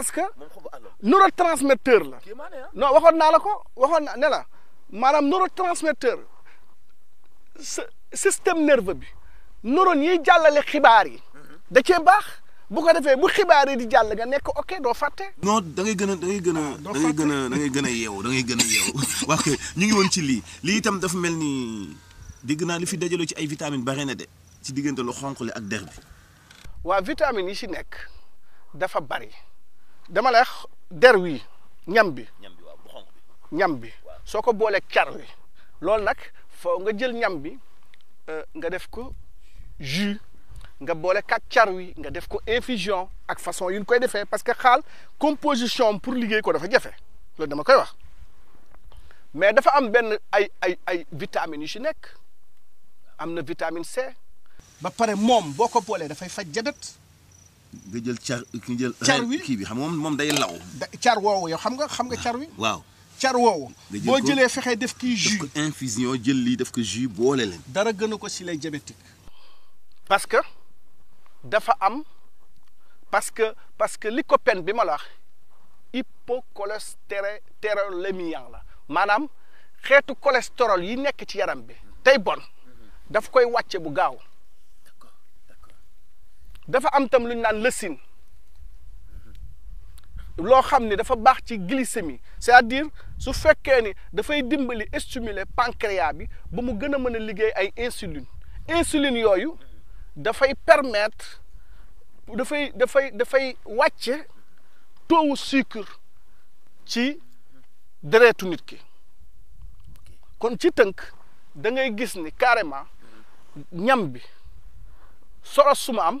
parce que neurotransmetteur la ah. non waxoon naa la ko waxoon naa ne la maanaam neurotransmetteur système nerveux bi neurones yiy jàllale xibaar yi mm-hmm. da cee baax bu ko defee bu xibaar yi di jàll nga nekk ok doo fàtte. non da ngay gën a da ngay gën a ah, da ngay gën a da ngay gën a yeewu da ngay gën a wax ñu ngi woon ci lii lii itam dafa mel ni dégg naa li fi dajaloo ci ay vitamine bare na de ci diggante lu xonq li ak der bi. waa vitamines yi ci nekk dafa bari. dama lay der wi ñam bi ñam bi soo ko boolee car wi lool nak fo nga jël ñam bi euh, nga def ko jus nga boole quatre car wi nga def ko infusion ak façon yuñ koy défé parce que xal composition pour liggéey ko dafa jafe loolu dama koy wax mais dafa am ben ay ay ay vitamines yu ci nekk vitamine C. ba paré mom boko ko da fay faj jabet nga jël char ki jël. char wi kii bi xam moom moom day law. char woowu yow xam nga xam nga char wi. Ah, waaw car woowu. bo jëlé fexé def kii jus def ko infusion jël li def ko jus boole leen. dara gën ko si les diabétiques. parce que dafa am parce que parce que lycopène bi ma la wax hypocholestérolémie la manam xeetu cholestérol yi nekk ci yaram bi tay bon daf koy wàcce bu gaaw. dafa am tam lu ñu naan leucine loo xam ne dafa baax ci glycémie c'est-à-dire su fekkee ni dafay dimbali stimuler pancréas bi ba mu gën a mën a liggéey ay insuline insuline yooyu dafay permettre dafay dafay dafay wàcce taux sucre ci deretu nit ki kon ci tënk da ngay gis ni carrément ñam bi soros su am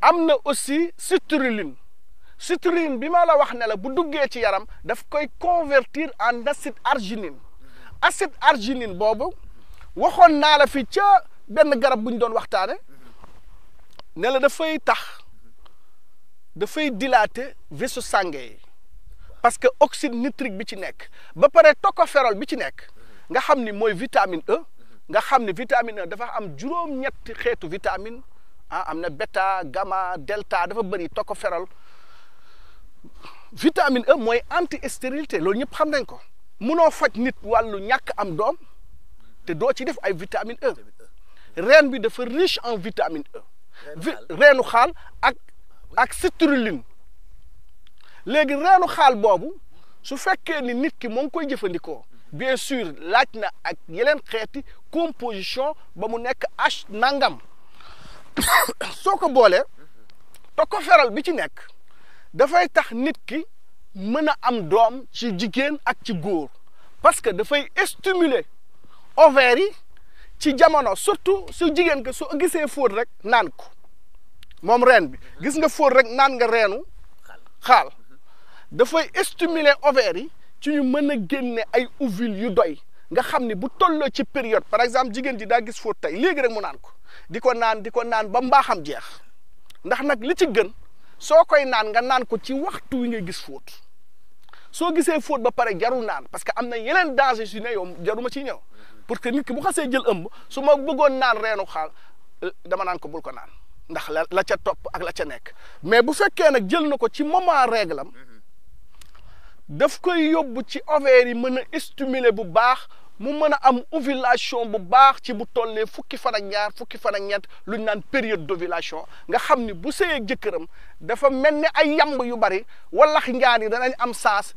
am na aussi citrulline citrulline bi ma la wax ne la bu duggee ci yaram daf koy convertir en acide arginine acide arginine boobu waxoon naa la fi ca benn garab bu doon waxtaane ne la dafay tax dafay dilater vaisseau sanguin parce que oxyde nitrique bi ci nekk ba pare tocopherol bi ci nekk nga xam ni mooy vitamine E nga xam ni vitamine E dafa am juróom-ñetti xeetu vitamine ah am na bêta gama delta dafa bëri tocopherol vitamine E mooy anti stérilité loolu ñëpp xam nañ ko munoo faj nit wàllu ñàkk am doom te doo ci def ay vitamine E reen bi dafa riche en vitamine E reenu xaal ak ak citrulline léegi reenu xaal boobu su fekkee ni nit ki moo ngi koy jëfandikoo bien sûr laaj na ak yeneen xeeti composition ba mu nekk H nangam soo ko boolee te ko feral bi ci nekk dafay tax nit ki mën a am doom ci jigéen ak ci góor parce que dafay stimuler ovaires yi ci jamono surtout su jigéen ko soo gisee fóot rek naan ko moom reen bi gis nga fóot rek naan nga reenu xaal mm-hmm. dafay stimuler ovaires yi ci ñu mën a génne ay ovules yu doy nga xam ni bu tolloo ci période par exemple jigéen ji daa gis fóot tey léegi rek mu naan ko di ko naan di ko naan ba mbaaxam jeex ndax nag li ci gën soo koy naan nga naan ko ci waxtu wi ngay gis fóot soo gisee foot ba pare jarul naan parce que am na yeneen danger su ne yow ma ciy ñëw parce que nit ki bu xasee jël ëmb su ma bëggoon naan reenu xaal dama naan ko bul ko naan ndax la la ca topp ak la ca nekk mais bu fekkee nag jël na ko ci moment règle am daf koy yóbbu ci ovaires yi mën a stimuler bu baax mu mën a am ovulation bu baax ci bu tollee fukki fan ak ñaar fukki fan ak ñett lu ñu naan période d'ovulation nga xam ni bu sëyee jëkkëram dafa mel ni ay yamb yu bari walax njaar yi danañ am saas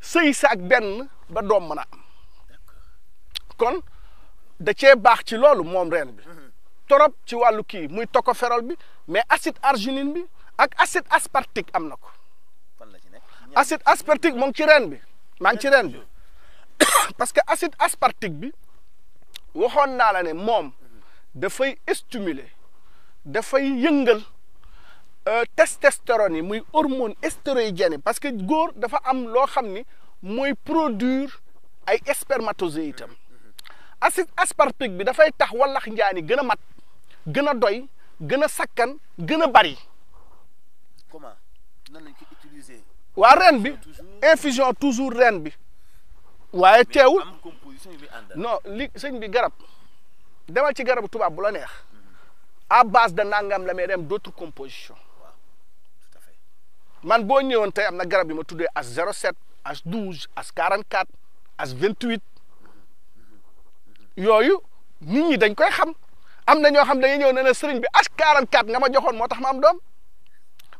sëy sa ak benn ba doom mën a am kon da cee baax ci loolu moom reen bi mhm. torop ci wàllu kii muy tocopherol bi mais acide arginine bi ak acide aspartique am na ko acide aspartique mon ngi ci ren bi maa ci ren parce que acide aspartique bi waxon na la mom da fay stimuler dafay euh testostérone yi muy hormone stéroïdienne parce que góor dafa am lo xamni moy produire ay spermatozoïdes acide aspartique bi fay tax wallax njaani gën mat gën doy gën sakkan gën bari. comment nan lañ ko utiliser. waa ren bi infusion toujours ren bi waaye teewul non li sëñ bi garab demal ci garabu tubaab bu la neex à base de nangam la may dem d' autres man boo ñëwoon tey am na garab yi ma tuddee as 07 as 12 as 44 as 28 yooyu nit ñi dañ koy xam am na ñoo xam dañuy ñëw ne ne sëriñ bi as 44 nga ma joxoon moo tax ma am doom.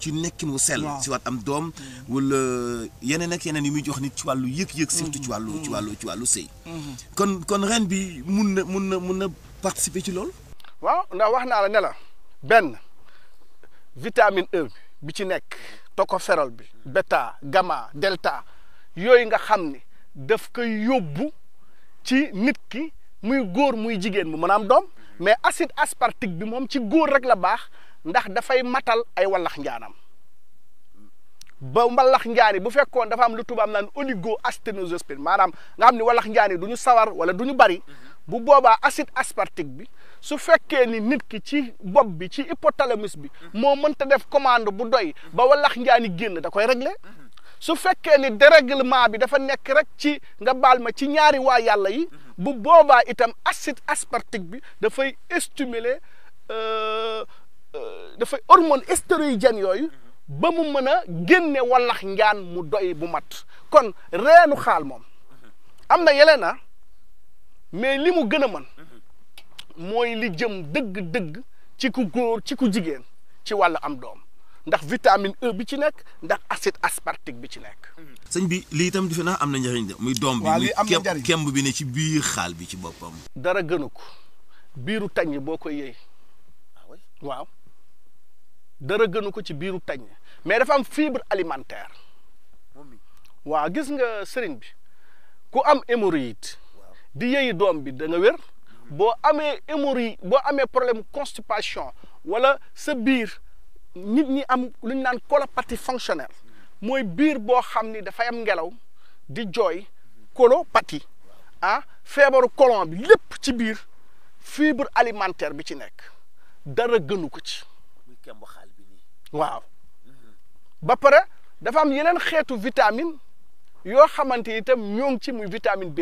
ci nekkin mu sell ci waat am doom wul euh, yeneen ak yeneen yi muy jox nit ci wàllu yëg-yëg surtout ci mhm. wàllu ci mhm. wàllu ci wàllu sëy mhm. kon kon ren bi mun na mun na mun na participer ci loolu waaw ndax wax naa la ne la benn vitamine E bi ci nekk tocopherol bi beta gamma delta yooyu nga xam ne daf koy yóbbu ci nit ki muy góor muy jigéen mu mën am doom mais acide aspartique bi moom ci góor rek la baax ndax dafay matal ay wallax njaanam ba wallax njaani bu fekkoon dafa am lu tubaab naan oligoasténosperme maanaam nga xam ni wallax njaani du ñu sawar wala du ñu bari bu boobaa acide aspartique bi su fekkee ni nit ki ci bopp bi ci hypothalamus bi moo mënta def commande bu doy ba wallax njaani génn da koy régler su fekkee ni dérèglement bi dafa nekk rek ci nga baal ma ci ñaari waa yàlla yi bu boobaa itam acide aspartique bi dafay stimuler euh, Euh, dafay hormone stéroïdienne yooyu ba mu mën a génne wallax njaan mu doy bu mat kon reenu xaal moom am na yeneen ah mais li mu gën a mën mooy li jëm dëgg-dëgg ci ku góor ci ku jigéen ci wàllu am doom ndax vitamine E bi ci nekk ndax acide aspartique bi ci nekk. sëñ bi lii itam defe naa am na njëriñ de. muy doom bi muy kemb bi ne ci biir xaal bi ci boppam. dara gënu ko biiru tàññ boo koy yëy ah waaw. dara gënu ko ci biiru tañ mais dafa am fibre alimentaire waaw gis nga sëriñ bi ku am hémorroïde di yeeyi doom bi da nga wér boo amee hémorroïde boo amee problème constipation wala sa biir nit ñi am lu ñu naan colopathie fonctionnelle mooy biir boo xam ni dafa yam ngelaw di jooy colopathie ah feebaru colon bi lépp ci biir fibre alimentaire bi ci nekk dara gënu ko ci. waaw ba pare dafa am yeneen xeetu vitamine yoo xamante itam ñoo ngi ci muy vitamine b